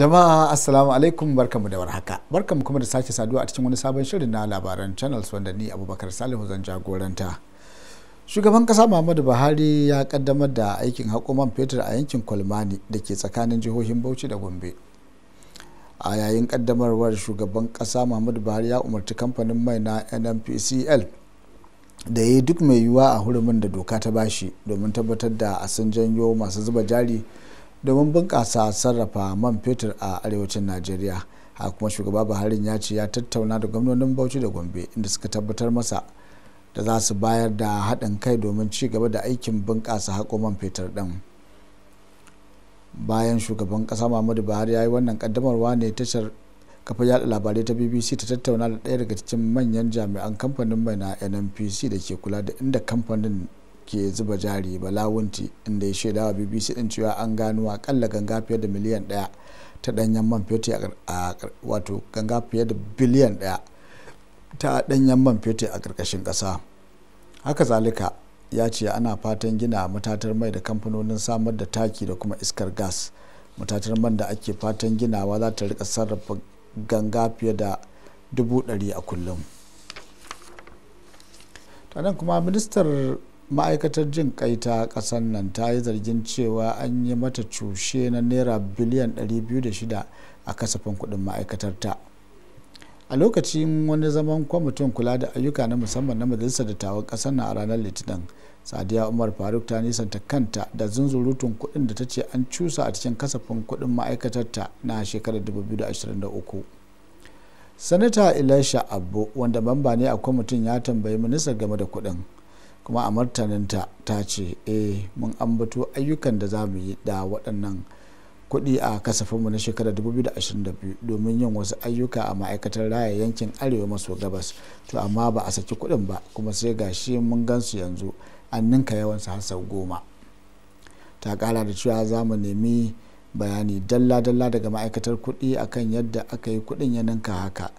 jama'a assalamu alaikum barkamu da warhaka barkamu kuma da sake saduwa a cikin wani sabon shirin na labaran channels wanda ni abubakar salihu zan jagoranta shugaban kasa muhammadu buhari ya kaddamar da aikin hakoman fetur a yankin kwalmani da ke tsakanin jihohin bauchi da gombe a yayin kaddamarwar shugaban kasa muhammadu buhari ya umarci kamfanin mai na nnpcl da ya yi duk mai yiwuwa a hurumin da doka ta bashi domin tabbatar da a sun janyo masu zuba jari domin bunƙasa sarrafa man fetur a arewacin najeriya a kuma shugaba buhari ya ce ya tattauna da gwamnonin bauchi da gombe inda suka tabbatar masa da za su bayar da haɗin kai domin ci gaba da aikin bunƙasa haƙo man fetur ɗin bayan shugaban ƙasa muhammadu buhari ya yi wannan ƙaddamarwa ne tashar kafa yada labarai ta bbc ta tattauna da ɗaya daga cikin manyan jami'an kamfanin mai na nnpc da ke kula da inda kamfanin ke zuba jari balawunti inda ya shaida wa bbc din cewa an gano akalla ganga fiye da miliyan daya ta danyen man fetur a wato ganga fiye da biliyan daya ta danyen man fetur a karkashin kasa haka zalika ya ce ana fatan gina matatar mai da kamfanonin samar da taki da kuma iskar gas matatar man da ake fatan ginawa za ta rika sarrafa ganga fiye da dubu ɗari a kullum tanan kuma ministar ma'aikatar jin kai ta kasar nan ta yi zargin cewa an yi mata cushe na naira biliyan 206 a kasafin kudin ma'aikatar ta a lokacin wani zaman kwamitin kula da ayyuka na musamman na majalisar dattawan kasar na a ranar litinin sadiya umar faruk ta nisanta kanta da zunzurutun kudin da ta ce an cusa a cikin kasafin kudin ma'aikatar ta na shekarar 2023 sanata elisha abu wanda mamba ne a kwamitin ya tambayi minista game da kudin kuma a martaninta ta ce eh mun ambato ayyukan da za mu yi da waɗannan kuɗi a kasafinmu na shekarar 2022 domin yin wasu ayyuka a ma'aikatar raya yankin arewa maso gabas to amma ba a saki kuɗin ba kuma sai ga shi mun gansu yanzu an ninka yawansu har sau goma ta kara da cewa za mu nemi bayani dalla-dalla daga ma'aikatar kuɗi akan yadda aka yi kuɗin ya ninka haka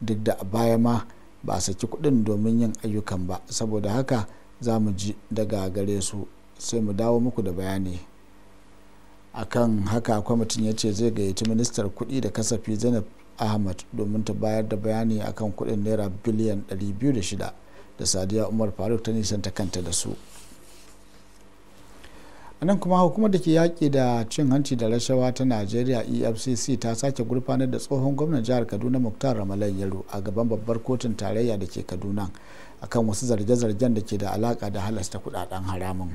duk da baya ma ba a saki kuɗin domin yin ayyukan ba saboda haka za mu ji daga gare su sai mu dawo muku da bayani akan haka kwamitin ya ce zai gayyaci ministar kudi da kasafi zainab ahmad domin ta bayar da bayani akan kudin naira biliyan 206 da sadiya umar faruk ta nisanta kanta da su a nan kuma hukumar da ke yaƙi da cin hanci da rashawa ta najeriya efcc ta sake gurfanar da tsohon gwamnan jihar kaduna muktar ramalan yaro a gaban babbar kotun tarayya da ke kaduna akan wasu zarge-zargen da ke da alaka da halasta kudaden haramun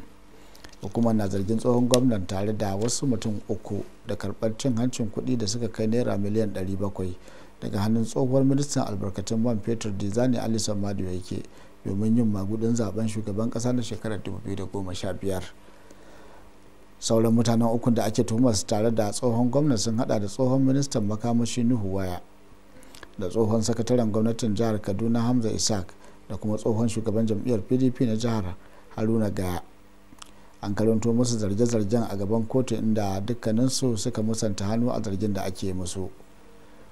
hukumar na zargin tsohon gwamnan tare da wasu mutum uku da karɓar cin hancin kuɗi da suka kai naira miliyan 700 daga hannun tsohuwar ministan albarkatun man fetur dizani alison madu yake domin yin magudin zaben shugaban kasa na shekarar 2015 sauran mutanen ukun da ake tuhumar su tare da tsohon gwamna sun hada da tsohon ministan makamashi nuhu waya da tsohon sakataren gwamnatin jihar kaduna hamza isaac da kuma tsohon shugaban jam'iyyar pdp na jihar haruna gaya an karanto musu zarge-zargen a gaban kotu inda dukkaninsu suka musanta hannu a zargin da ake musu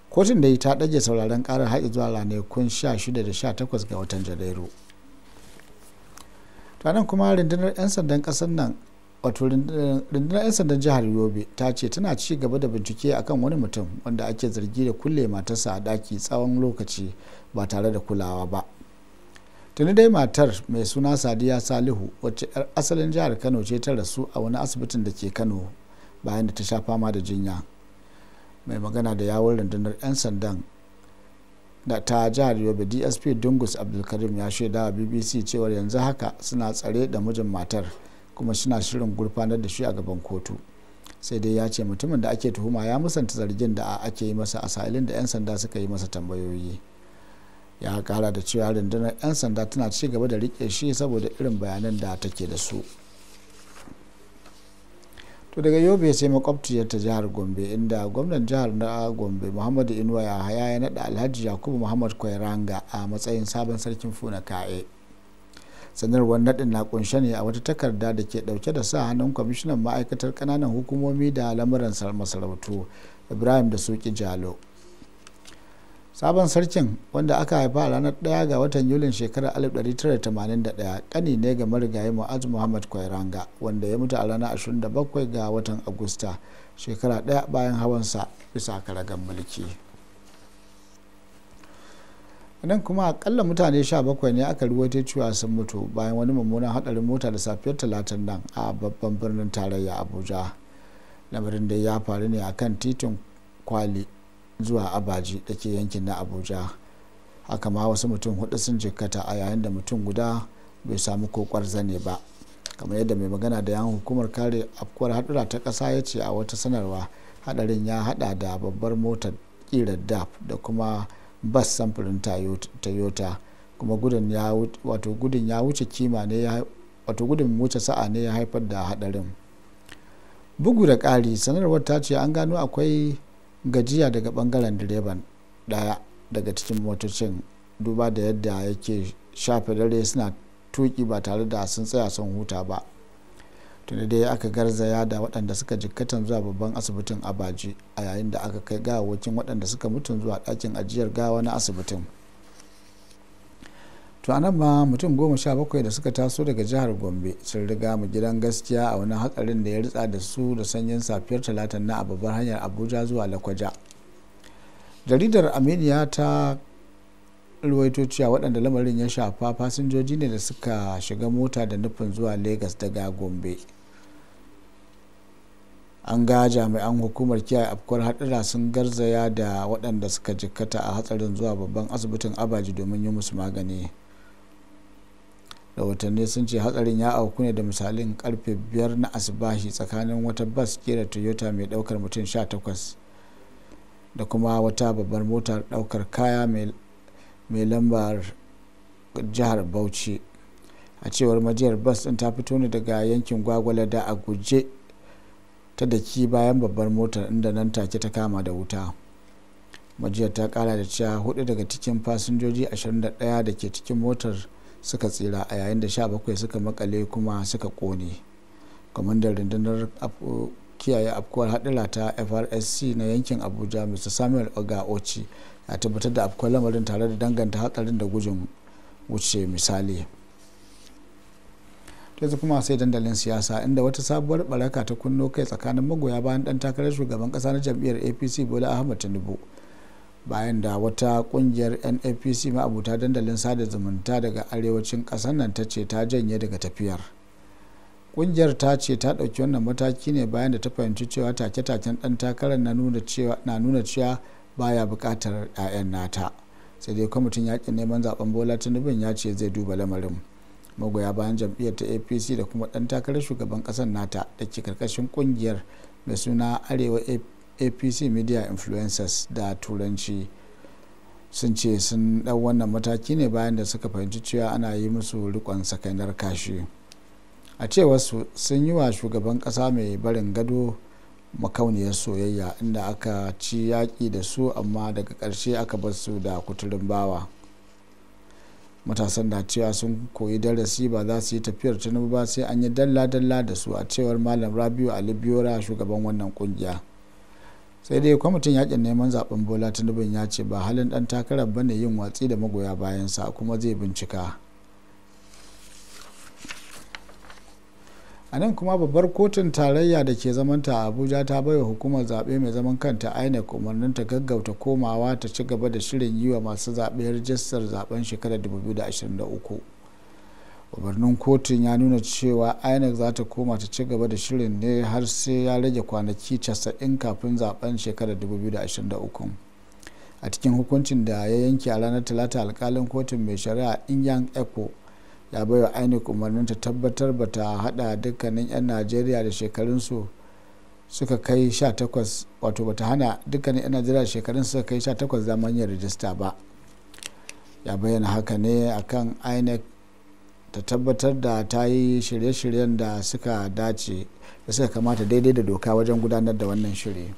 kotun da ta ɗage sauraron ƙarar haɗi zuwa ranakun shida da sha takwas ga watan janairu tanan kuma rundunar 'yan sandan ƙasar nan wato rundunar 'yan sandan jihar yobe ta ce tana ci gaba da bincike akan wani mutum wanda ake zargi da kulle matarsa a ɗaki tsawon lokaci ba tare da kulawa ba tuni dai matar mai suna sadiya salihu wacce 'yar asalin jihar kano ce ta rasu a wani asibitin da ke kano bayan da ta sha fama da jinya mai magana da yawon rundunar 'yan sandan da ta jihar yobe dsp dungus abdulkarim ya shaida wa bbc cewar yanzu haka suna tsare da mijin matar kuma suna shirin gurfanar da shi a gaban kotu sai dai ya ce mutumin da ake tuhuma ya musanta zargin da ake yi masa a sa'ilin da 'yan sanda suka yi masa tambayoyi. ya kara da cewa rundunar 'yan sanda tana ci gaba da rike shi saboda irin bayanan da take da su to daga yobe sai makwabciyar ta jihar gombe inda gwamnan jihar na gombe muhammadu inuwa ya haya ya nada alhaji yakubu muhammad kwairanga a matsayin sabon sarkin funa ka'e sanarwar nadin na kunshe ne a wata takarda da ke dauke da sa hannun kwamishinan ma'aikatar kananan hukumomi da lamuran masarautu ibrahim da suki jalo sabon sarkin wanda aka haifa a ranar 1 ga watan yulin shekarar 1981 kani ne ga marigayi mu'az muhammad kwairanga wanda ya mutu a ranar 27 ga watan agusta shekara daya bayan hawansa bisa karagan mulki nan kuma akalla mutane 17 ne aka ruwaita cewa sun mutu bayan wani mummunan hadarin mota da safiyar talatin nan a babban birnin tarayya abuja lamarin da ya faru ne akan titin kwali zuwa abaji da ke yankin na abuja haka ma wasu mutum hudu sun jikkata a yayin da mutum guda bai samu kokwar zane ba kamar yadda mai magana da yan hukumar kare afkuwar hadura ta kasa ya ce a wata sanarwa hadarin ya hada da babbar motar kirar daf da kuma bas samfurin toyota kuma gudun ya wato gudun ya wuce kima ne ya wato gudun wuce sa'a ne ya haifar da hadarin bugu da ƙari sanarwar ta ce an gano akwai gajiya daga bangaren direban daya daga cikin motocin duba da yadda yake shafe dare suna tuki ba tare da sun tsaya sun huta ba tuni dai aka garzaya da waɗanda suka jikkatan zuwa babban asibitin abaji a yayin da aka kai gawawakin waɗanda suka mutum zuwa ɗakin ajiyar gawa na asibitin to anan ma mutum goma sha bakwai da suka taso daga jihar gombe sun riga mu gidan gaskiya a wani hatsarin da ya ritsa da su da sanyin safiyar talatan na a babbar hanyar abuja zuwa lakwaja jaridar aminiya ta ruwaito cewa waɗanda lamarin ya shafa fasinjoji ne da suka shiga mota da nufin zuwa lagos daga gombe an ga jami'an hukumar kiyaye afkuwar haɗura sun garzaya da waɗanda suka jikkata a hatsarin zuwa babban asibitin abaji domin yi musu magani da watanni sun ce hatsarin ya auku ne da misalin karfe biyar na asibashi tsakanin wata bas kera toyota mai daukar mutum 18 da kuma wata babbar motar daukar kaya mai lambar jihar bauchi a cewar majiyar bas din ta fito ne daga yankin gwagwalada a guje ta daki bayan babbar motar inda nan take ta kama da wuta majiyar ta kara da cewa hudu daga cikin fasinjoji 21 da ke cikin motar suka tsira a yayin da bakwai suka makale kuma suka kone da rundunar kiyaye afkuwar hadira ta frsc na yankin abuja mr samuel oga ochi ya tabbatar da afkuwar lamarin tare da danganta hatsarin da gujin wuce misali yanzu kuma sai dandalin siyasa inda wata sabuwar baraka ta kunno kai tsakanin magoya bayan dan takarar shugaban kasa na jam'iyyar apc bola ahmad tinubu bayan da wata kungiyar nfc ma'abuta dandalin sada zumunta daga arewacin ƙasar nan ta ce ta janye daga tafiyar kungiyar ta ce ta ɗauki wannan mataki ne bayan da ta fahimci cewa take-taken ɗan takarar na nuna cewa baya bukatar 'ya'yan nata sai dai kwamitin yakin neman zaben bola tunubin ya ce zai duba lamarin magoya bayan jam'iyyar ta apc da kuma ɗan takarar shugaban ƙasar nata da ke karkashin kungiyar mai suna arewa apc apc media influencers da turanci sun ce sun ɗau wannan mataki ne bayan da suka fahimci cewa ana yi musu rikon sakainar kashi a cewar sun yi wa shugaban ƙasa mai barin gado makauniyar soyayya inda aka ci yaƙi da su amma daga ƙarshe aka bar su da kuturin bawa matasan da cewa sun koyi darasi ba za su yi tafiyar tunubu ba sai an yi dalla-dalla da su a cewar malam rabiu ali biyora shugaban wannan ƙungiya. sai dai kwamitin yakin neman zaben bola tinubin ya ce ba halin dan takarar ne yin watsi da magoya bayansa kuma zai bincika a nan kuma babbar kotun tarayya da ke zamanta a abuja ta baiwa hukumar zaɓe mai zaman kanta inec umarnin ta gaggauta komawa ta ci gaba da shirin yi wa masu zaɓe rajistar zaben shekarar 2023 umarnin kotun ya nuna cewa inec za ta koma ta ci gaba da shirin ne har sai ya rage kwanaki 90 kafin zaben shekarar 2023 a cikin hukuncin da ya yanke a ranar talata alkalin kotun mai shari'a inyan epo ya baiwa inec umarnin ta tabbatar ba ta hada dukkanin 'yan najeriya da shekarunsu suka kai 18 wato bata hana dukkanin 'yan najeriya da shekarun suka kai 18 zaman yin rijista ba ya bayyana haka ne akan inec ta tabbatar da ta yi shirye-shiryen da suka dace da suka kamata daidai da doka wajen gudanar da wannan shiri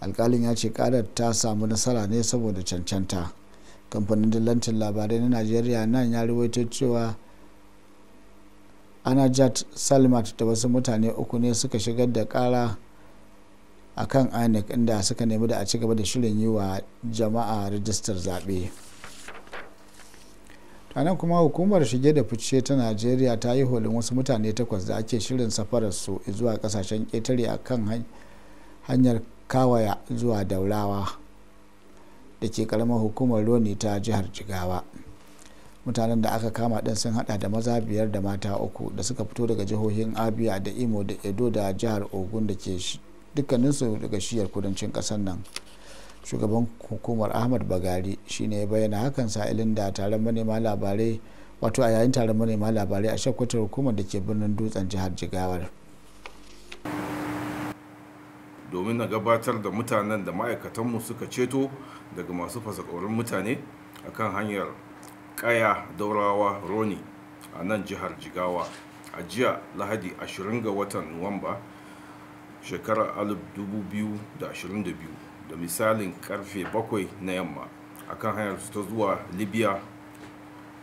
alkalin ya ce karar ta samu nasara ne saboda cancanta kamfanin dillancin labarai na najeriya nan ya rawaito cewa anajat salmat da wasu mutane uku ne suka shigar da kara a kan inec inda suka nemi da a ci gaba da shirin yi wa jama'a rijistar zaɓe. a kuma hukumar shige da fice ta najeriya ta yi holin wasu mutane takwas da ake shirin safarar su zuwa kasashen ƙetare a kan hanyar kawaya zuwa daulawa da ke karamar hukumar roni ta jihar jigawa mutanen da aka kama ɗin sun hada da maza biyar da mata uku da suka fito daga jihohin abia da imo da edo da jihar ogun da ke dukkaninsu daga shiyar kudancin ƙasar nan shugaban hukumar ahmad bagari shine ya bayyana hakan sa'ilin da taron manema labarai wato a yayin taron manema labarai a shakwatar hukumar da ke birnin dutsen jihar jigawar domin na gabatar da mutanen da ma'aikatanmu suka ceto daga masu fasakorin mutane akan hanyar ƙaya daurawa roni a nan jihar jigawa a jiya lahadi 20 ga watan nuwamba shekarar 2022 da misalin karfe 7 na yamma a kan hanyar su ta zuwa libya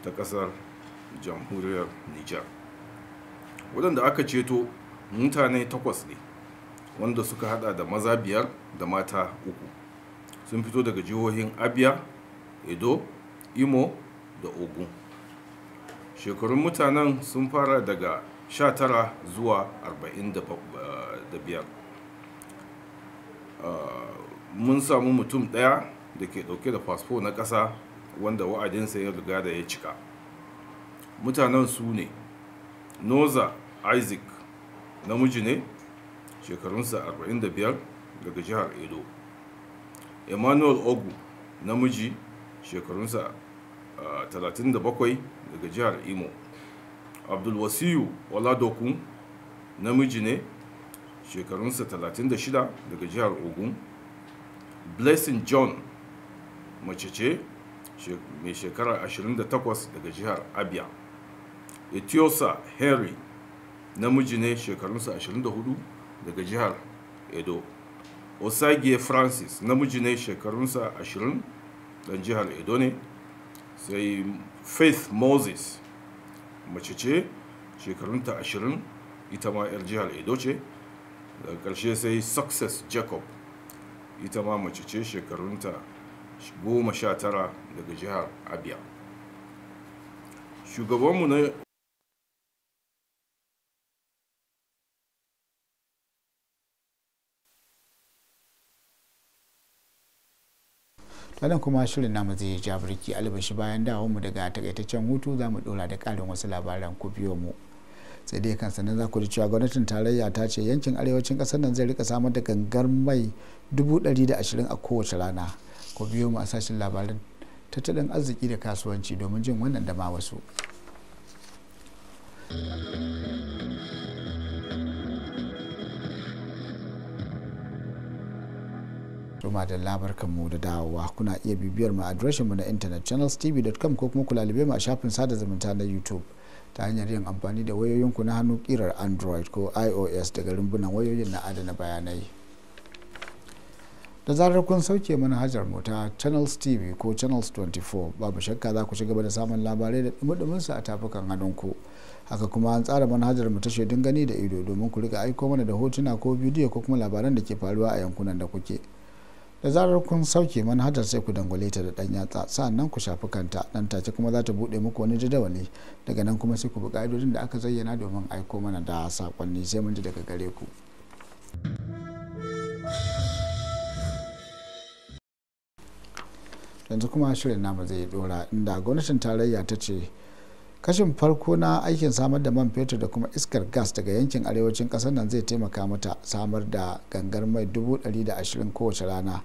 ta kasar jamhuriyar niger waɗanda aka ceto mutane takwas ne wanda suka hada da maza biyar da mata uku sun fito daga jihohin abia edo imo da ogun shekarun mutanen sun fara daga 19 zuwa 45 mun samu mutum ɗaya da ke ɗauke da fasfo na ƙasa wanda wa'adinsa ya riga da ya cika mutanen su ne noza isaac namiji ne shekarunsa 45 daga jihar edo emmanuel ogu namiji shekarunsa 37 daga jihar imo abdulwasiyu oladokun namiji ne shekarunsa 36 daga jihar ogun blessing john mace ce mai shekara 28 daga jihar abia etiosa henry namiji ne shekarunsa 24 daga jihar edo osage francis namiji ne shekarunsa 20 dan jihar edo ne sai faith moses mace ce shekarunta 20 ita ma 'yar jihar edo ce daga ƙarshe sai success jacob ita ma mace ce shekarunta goma sha tara daga jihar abia shugabanmu na wannan kuma shirin namu zai ja birki albashi bayan dawo mu daga takaitaccen hutu za mu dora da karin wasu labaran ku biyo mu sai dai kan sanin za ku ji cewa gwamnatin tarayya ta ce yankin arewacin kasar nan zai rika samar da gangar mai dubu da 120 a kowace rana ko biyo mu a sashen labaran tattalin arziki da kasuwanci domin jin wannan da ma wasu. kuma da labarkan mu da dawowa kuna iya bibiyar mu a mu na internet channelstv.com ko kuma kula mu a shafin sada zumunta na YouTube. ta hanyar yin amfani da wayoyinku na hannu kirar android ko ios daga rumbunan wayoyin na adana bayanai da zarar kun sauke manhajar mu ta channels tv ko channels 24 babu shakka za ku ci gaba da samun labarai da dumudumin su a tafukan hannunku haka kuma an tsara manhajar mu ta shaidun gani da ido domin ku rika aiko mana da hotuna ko bidiyo ko kuma labaran da ke faruwa a yankunan da kuke da zarar kun sauke manhajar sai ku dangwale ta da ɗan yatsa sannan ku shafi kanta dan take kuma za ta bude muku wani jadawali daga nan kuma sai ku bi ka'idodin da aka zayyana domin aiko mana da sakonni sai mun ji daga gare ku yanzu kuma shirin namu zai dora inda gwamnatin tarayya ta ce kashin farko na aikin samar da man fetur da kuma iskar gas daga yankin arewacin kasar nan zai taimaka mata samar da gangar mai 120 kowace rana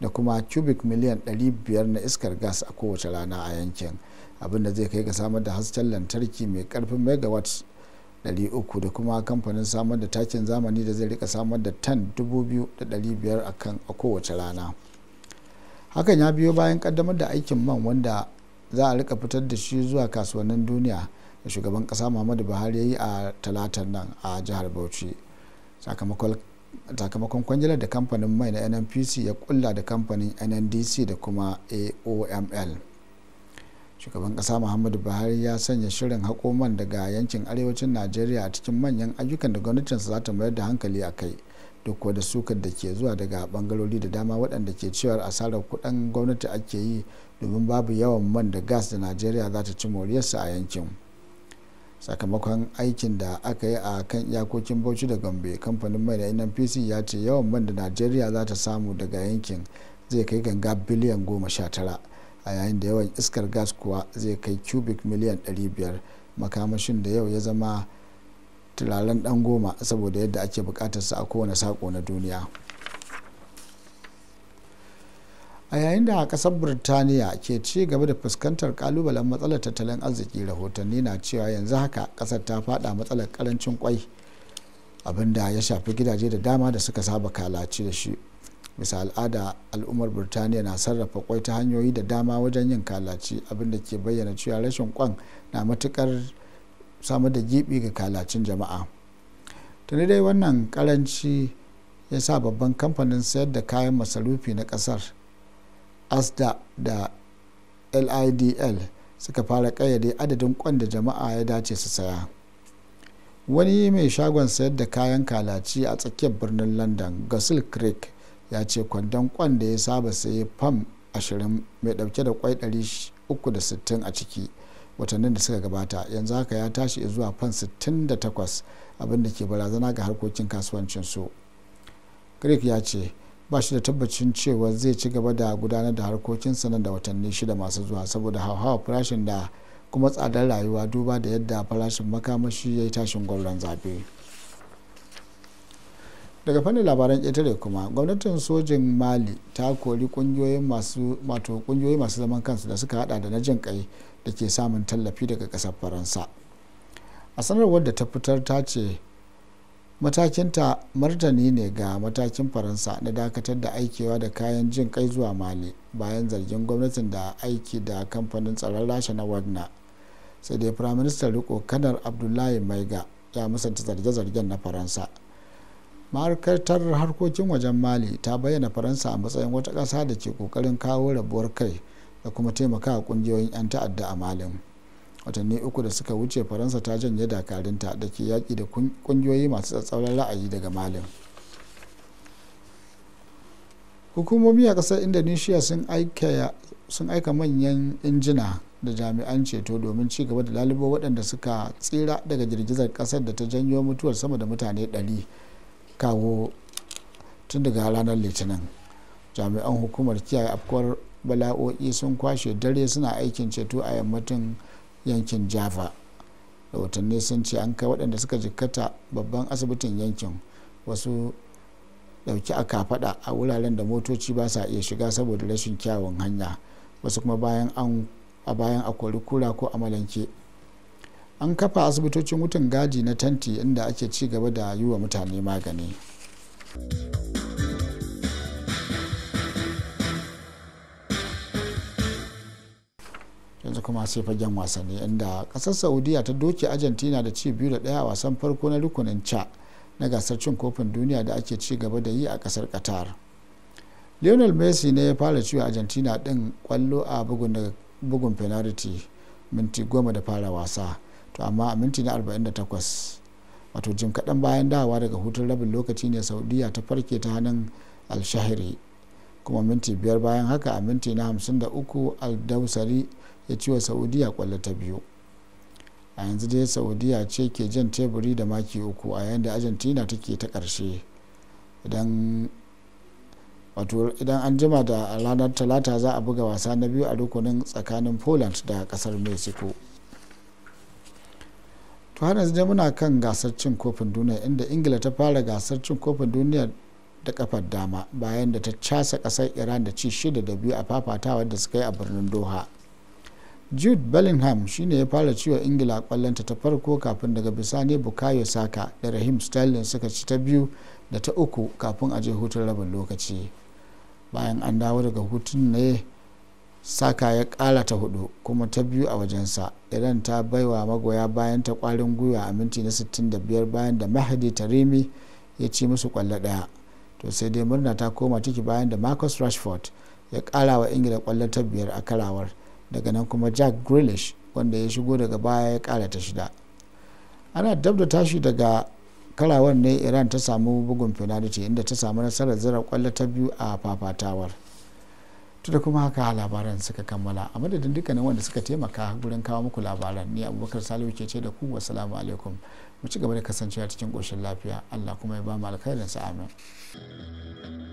da kuma cubic miliyan 500 na iskar gas a kowace rana a yankin abinda zai kai ga samar da hasken lantarki mai karfin megawatt 300 da kuma kamfanin samar da takin zamani da zai rika samar da tan 2,500 a kowace rana hakan ya biyo bayan kaddamar da aikin man wanda za a rika fitar da shi zuwa kasuwannin duniya da shugaban kasa muhammadu buhari ya yi a talatan nan a jihar bauchi sakamakon kwangilar da kamfanin mai na nnpc ya kulla da kamfanin nndc da kuma aoml shugaban kasa muhammadu buhari ya sanya shirin haƙo man daga yankin arewacin najeriya a cikin manyan ayyukan da gwamnatinsa za ta mayar da hankali a kai duk da sukar da ke zuwa daga bangarori da dama waɗanda ke cewar asarar kuɗin gwamnati ake yi domin babu yawan man da gas da najeriya za ta ci moriyarsa a yankin sakamakon aikin da aka yi a kan iyakokin bauchi da gombe kamfanin mai na nnpc ya ce yawan man da najeriya za ta samu daga yankin zai kai ganga biliyan goma sha tara a yayin da yawan iskar gas kuwa zai kai cubic miliyan 500 makamashin da yau ya zama turaren dan goma saboda yadda ake bukatarsa a kowane sako na duniya a yayin da a kasar birtaniya ke ci gaba da fuskantar kalubalen matsalar tattalin arziki rahotanni na cewa yanzu haka kasar ta fada matsalar karancin kwai abinda ya shafi gidaje da dama da suka saba kalaci da shi bisa al'ada al'ummar birtaniya na sarrafa kwai ta hanyoyi da dama wajen yin kalaci abinda ke bayyana cewa rashin kwan na matukar samar da gibi ga kalacin jama'a tuni dai wannan karanci ya sa babban kamfanin sayar da kayan masarufi na kasar asda da lidl suka fara kayyade adadin kwan da jama'a ya dace su saya wani mai shagon sayar da kayan kalaci a tsakiyar birnin london gasil creek ya ce kwandon kwan da ya saba saye fam 20 mai dauke da kwai 360 a ciki watannin da suka gabata yanzu haka ya tashi zuwa fan 68 abinda ke barazana ga harkokin kasuwancin su greek ya ce ba shi da tabbacin cewa zai ci gaba da gudanar da harkokin sanar da watanni shida masu zuwa saboda hauhawa farashin da kuma tsadar rayuwa duba da yadda farashin makamashi ya yi tashin gwamnan zabe daga fannin labaran ƙetare kuma gwamnatin sojin mali ta kori kungiyoyi masu zaman kansu da suka hada da na jin kai da ke samun tallafi daga ƙasar faransa a sanarwar da ta fitar ta ce matakinta martani ne ga matakin faransa na dakatar da aikewa da kayan jin kai zuwa mali bayan zargin gwamnatin da aiki da kamfanin tsaron rasha na wagner sai dai firaministan riko kanar abdullahi maiga ya musanta zarge-zargen na faransa ma'aikatar harkokin wajen mali ta bayyana faransa a matsayin wata ƙasa da ke ƙoƙarin kawo rabuwar kai da kuma taimaka a kungiyoyin 'yan ta'adda a malin watanni uku da suka wuce faransa ta janye dakarinta da ke yaƙi da kungiyoyi masu tsatsauran ra'ayi daga malin hukumomi a ƙasar indonesia sun aika manyan injina da jami'an ceto domin ci gaba da lalubo waɗanda suka tsira daga girgizar ƙasar da ta janyo mutuwar sama da mutane 100 kawo tun daga ranar litinin jami'an hukumar kiyaye afkuwar bala'o'i sun kwashe dare suna aikin ceto a yammacin yankin java rahotanni sun ce an kai waɗanda suka jikkata babban asibitin yankin wasu ɗauki a kafaɗa a wuraren da motoci ba sa iya shiga saboda rashin kyawun hanya wasu kuma bayan an a bayan a kori kura ko amalanke an kafa asibitocin wutan gadi na tanti inda ake ci gaba da yi wa mutane magani. yanzu kuma sai fagen wasanni inda kasar saudiya ta doke argentina da ci biyu da daya a wasan farko na rukunin ca na gasar cin kofin duniya da ake ci gaba da yi a kasar qatar lionel messi ne ya fara ciwo argentina din kwallo a bugun penalty minti goma da fara wasa to amma a minti na 48 wato jim kaɗan bayan dawa daga hutun rabin lokaci ne saudiya ta farke ta hannun alshahiri kuma minti biyar bayan haka a minti na 53 aldausari ya wa saudiya kwallo ta biyu a yanzu dai saudiya ce ke jan teburi da maki uku a yayin da argentina take ta karshe idan an jima da ranar talata za a buga wasa na biyu a rukunin tsakanin poland da kasar mexico to har yanzu dai muna kan gasar cin kofin duniya inda ingila ta fara gasar cin kofin duniya da kafar dama bayan da ta casa kasar iran da ci shida da biyu a fafatawa da suka yi a birnin doha jude bellingham shine ya fara ciwo ingila kwallonta ta farko kafin daga bisani bukayo saka da rahim sterling suka ci ta biyu da ta uku kafin a je hutun rabin lokaci bayan an dawo daga hutun ne saka ya kara ta hudu kuma ta biyu a wajensa iran ta baiwa magoya bayan ta kwarin gwiwa a minti na 65 bayan da mahadi tarimi ya ci musu kwallo daya to sai dai murna ta koma ciki bayan da marcus rashford ya kara wa ingila kwallon ta biyar a karawar daga nan kuma jack grealish wanda ya shigo daga baya ya kara ta shida ana dab da tashi daga karawan ne iran ta samu bugun penalty inda ta samu nasarar zira kwallo ta biyu a fafatawar da kuma haka labaran suka kammala a madadin dukkanin wanda suka taimaka gurin kawo muku labaran ni abubakar salihu ke ce da ku wasalamu alaikum mu ci gaba da kasancewa cikin ƙoshin lafiya allah kuma ya ba mu alkhairinsa amin